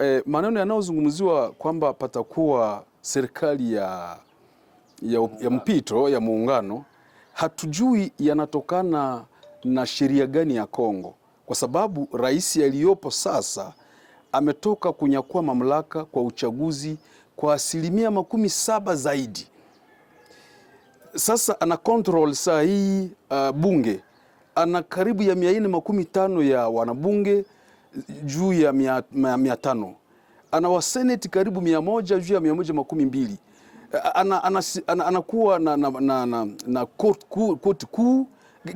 eh, maneno yanayozungumziwa kwamba patakuwa serikali ya, ya, ya mpito ya muungano hatujui yanatokana na sheria gani ya Kongo, kwa sababu rais aliyopo sasa ametoka kunyakua mamlaka kwa uchaguzi kwa asilimia makumi saba zaidi. Sasa ana control saa hii uh, bunge ana karibu ya mia nne makumi tano ya wanabunge juu ya mia, mia tano ana waseneti karibu mia moja juu ya mia moja makumi mbili ana, ana, ana, anakuwa na, na, na, kuu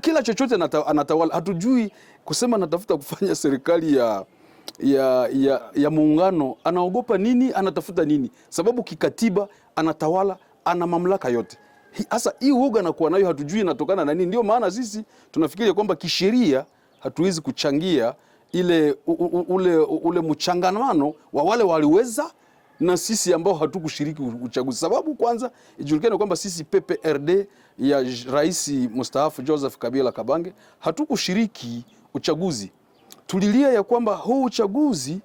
kila chochote anatawala. Hatujui kusema anatafuta kufanya serikali ya, ya, ya, ya muungano. Anaogopa nini? Anatafuta nini? Sababu kikatiba anatawala, ana mamlaka yote. Hasa hii uoga anakuwa nayo, hatujui inatokana na nini. Ndio maana sisi tunafikiria kwamba kisheria hatuwezi kuchangia ile ule, ule mchanganano wa wale waliweza na sisi ambao hatukushiriki uchaguzi. Sababu kwanza ijulikane kwamba sisi PPRD ya Rais mstaafu Joseph Kabila Kabange hatukushiriki uchaguzi. Tulilia ya kwamba huu uchaguzi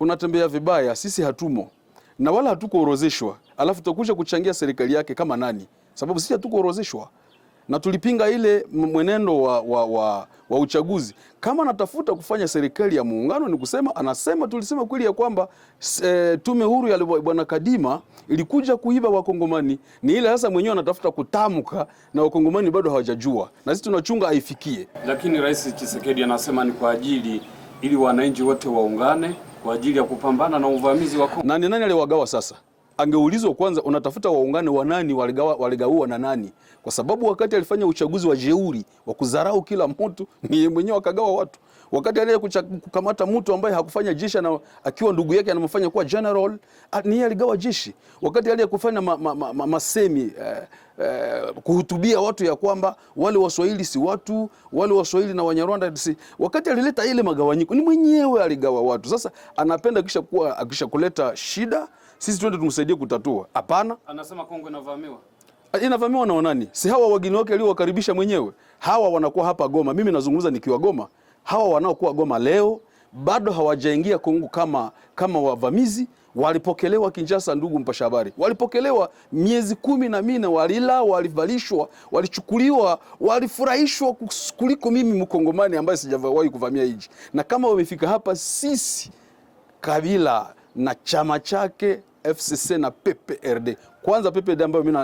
unatembea vibaya, sisi hatumo na wala hatukuorozeshwa, alafu tutakuja kuchangia serikali yake kama nani? Sababu sisi hatukuorozeshwa na tulipinga ile mwenendo wa, wa, wa, wa uchaguzi. Kama anatafuta kufanya serikali ya muungano, ni kusema anasema, tulisema kweli ya kwamba e, tume huru ya bwana Kadima ilikuja kuiba Wakongomani. Ni ile sasa mwenyewe anatafuta kutamka na Wakongomani bado hawajajua, na sisi tunachunga aifikie. Lakini Rais Tshisekedi anasema ni kwa ajili ili wananchi wote waungane kwa ajili ya kupambana na uvamizi wa Kongo. Nani nani aliwagawa sasa? angeulizwa kwanza, unatafuta waungane wa nani, waligaua na nani? Kwa sababu wakati alifanya uchaguzi wa jeuri wa kudharau kila mtu, ni mwenyewe akagawa watu. Wakati aliye kukamata mtu ambaye hakufanya jeshi na akiwa ndugu yake anamfanya kuwa general, ni yeye aligawa jeshi. Wakati aliye kufanya ma, ma, ma, ma, masemi eh, eh, kuhutubia watu ya kwamba wale Waswahili si watu, wale Waswahili na Wanyarwanda si. Wakati alileta ile magawanyiko, ni mwenyewe aligawa watu. Sasa anapenda kisha kuwa akisha kuleta shida sisi twende tumsaidie kutatua? Hapana, anasema Kongo inavamiwa ah, inavamiwa na wanani? Si hawa wageni wake aliowakaribisha mwenyewe. Hawa wanakuwa hapa Goma, mimi nazungumza nikiwa Goma. Hawa wanaokuwa Goma leo bado hawajaingia Kongo kama, kama wavamizi. Walipokelewa Kinshasa, ndugu mpasha habari, walipokelewa miezi kumi na mine, walila, walivalishwa, walichukuliwa, walifurahishwa kuliko mimi mkongomani ambaye sijawahi kuvamia nchi. Na kama wamefika hapa, sisi kabila na chama chake FCC na PPRD. Kwanza PPRD ambayo mimi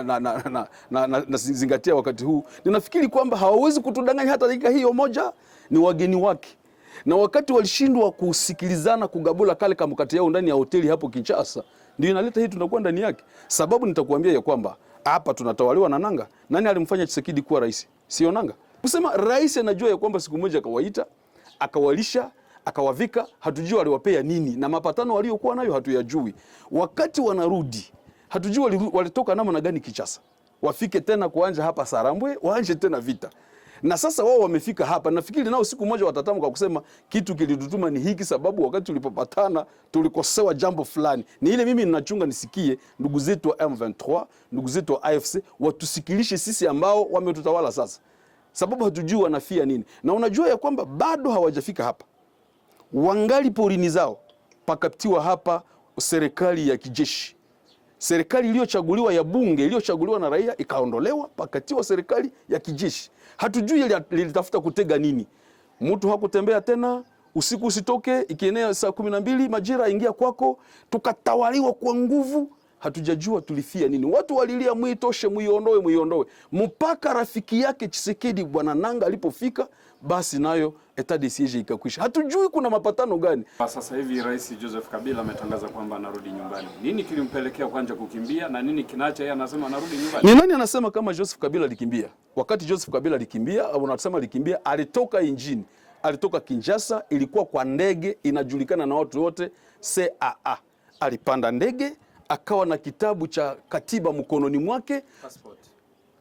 na nazingatia wakati huu, ninafikiri kwamba hawawezi kutudanganya hata dakika hiyo moja, ni wageni wake na wakati walishindwa kusikilizana kugabula kale kama kati yao ndani ya hoteli hapo Kinshasa, ndio inaleta hii tunakuwa ndani yake. Sababu nitakuambia ya kwamba hapa tunatawaliwa na nanga. Nani alimfanya Tshisekedi kuwa rais? Sio nanga. Kusema rais anajua ya kwamba siku moja akawaita, akawalisha akawavika, hatujui aliwapea nini, na mapatano waliokuwa nayo hatuyajui. Wakati wanarudi hatujui walitoka namna gani Kichasa, wafike tena kuanja hapa Sarambwe, waanje tena vita na sasa wao wamefika hapa, nafikiri nao siku moja watatamka kusema kitu kilitutuma ni hiki, sababu wakati tulipopatana tulikosewa jambo fulani. Ni ile mimi ninachunga nisikie ndugu zetu wa M23, ndugu zetu wa AFC watusikilishe sisi ambao wametutawala sasa, sababu hatujui wanafia nini, na unajua ya kwamba bado hawajafika hapa wangali porini zao, pakatiwa hapa serikali ya kijeshi, serikali iliyochaguliwa ya bunge iliyochaguliwa na raia ikaondolewa, pakatiwa serikali ya kijeshi. Hatujui lilitafuta kutega nini. Mtu hakutembea tena, usiku usitoke, ikienea saa kumi na mbili majira ingia kwako. Tukatawaliwa kwa nguvu, hatujajua tulifia nini. Watu walilia mwitoshe, mwiondoe, mwiondoe, mpaka rafiki yake Chisekedi Bwana Nanga alipofika, basi nayo etadi siege ikakwisha. Hatujui kuna mapatano gani. Sasa hivi Rais Joseph Kabila ametangaza kwamba anarudi nyumbani. Nini kilimpelekea kwanza kukimbia na nini kinacha yeye anasema anarudi nyumbani? Ni nani anasema kama Joseph Kabila alikimbia? Wakati Joseph Kabila alikimbia au unasema alikimbia, alitoka injini, alitoka Kinshasa, ilikuwa kwa ndege inajulikana na watu wote CAA. Alipanda ndege akawa na kitabu cha katiba mkononi mwake, passport,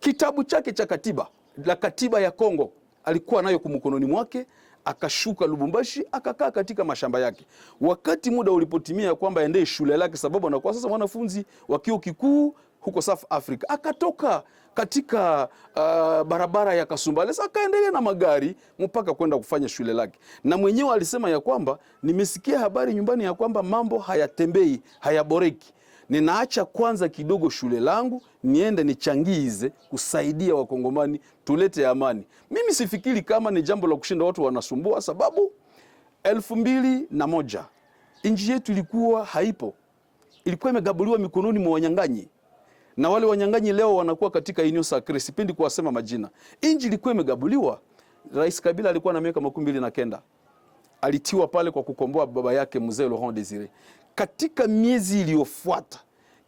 kitabu chake cha katiba la katiba ya Kongo alikuwa nayo kumkononi mwake, akashuka Lubumbashi, akakaa katika mashamba yake. Wakati muda ulipotimia kwamba aendee shule lake, sababu anakuwa sasa mwanafunzi wa kio kikuu huko South Africa, akatoka katika uh, barabara ya Kasumbalesa akaendelea na magari mpaka kwenda kufanya shule lake, na mwenyewe alisema ya kwamba nimesikia habari nyumbani ya kwamba mambo hayatembei, hayaboreki ninaacha kwanza kidogo shule langu niende nichangize kusaidia Wakongomani, tulete amani. Mimi sifikiri kama ni jambo la kushinda watu wanasumbua, sababu elfu mbili na moja nchi yetu ilikuwa haipo, ilikuwa imegabuliwa mikononi mwa wanyang'anyi na wale wanyang'anyi leo wanakuwa katika eneo sacre. Sipendi kuwasema majina. Nchi ilikuwa imegabuliwa. Rais Kabila alikuwa na miaka makumi mbili na kenda alitiwa pale kwa kukomboa baba yake mzee Laurent Desire. Katika miezi iliyofuata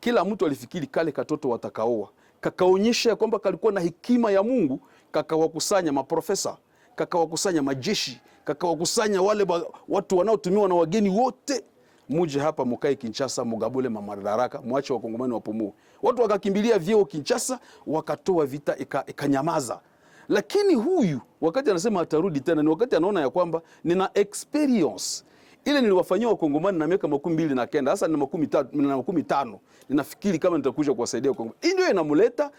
kila mtu alifikiri kale katoto watakaoa, kakaonyesha ya kwamba kalikuwa na hekima ya Mungu, kakawakusanya maprofesa, kakawakusanya majeshi, kakawakusanya wale watu wanaotumiwa na wageni wote, muje hapa mukae Kinshasa, mugabule madaraka, mwache wakongomani wapumue. Watu wakakimbilia vyeo Kinshasa, wakatoa vita ikanyamaza, lakini huyu wakati anasema atarudi tena ni wakati anaona ya kwamba nina experience ile niliwafanyia wakongomani na miaka makumi mbili na kenda sasa na makumi tano ninafikiri kama nitakuja kuwasaidia Kongo. Hii ndio inamuleta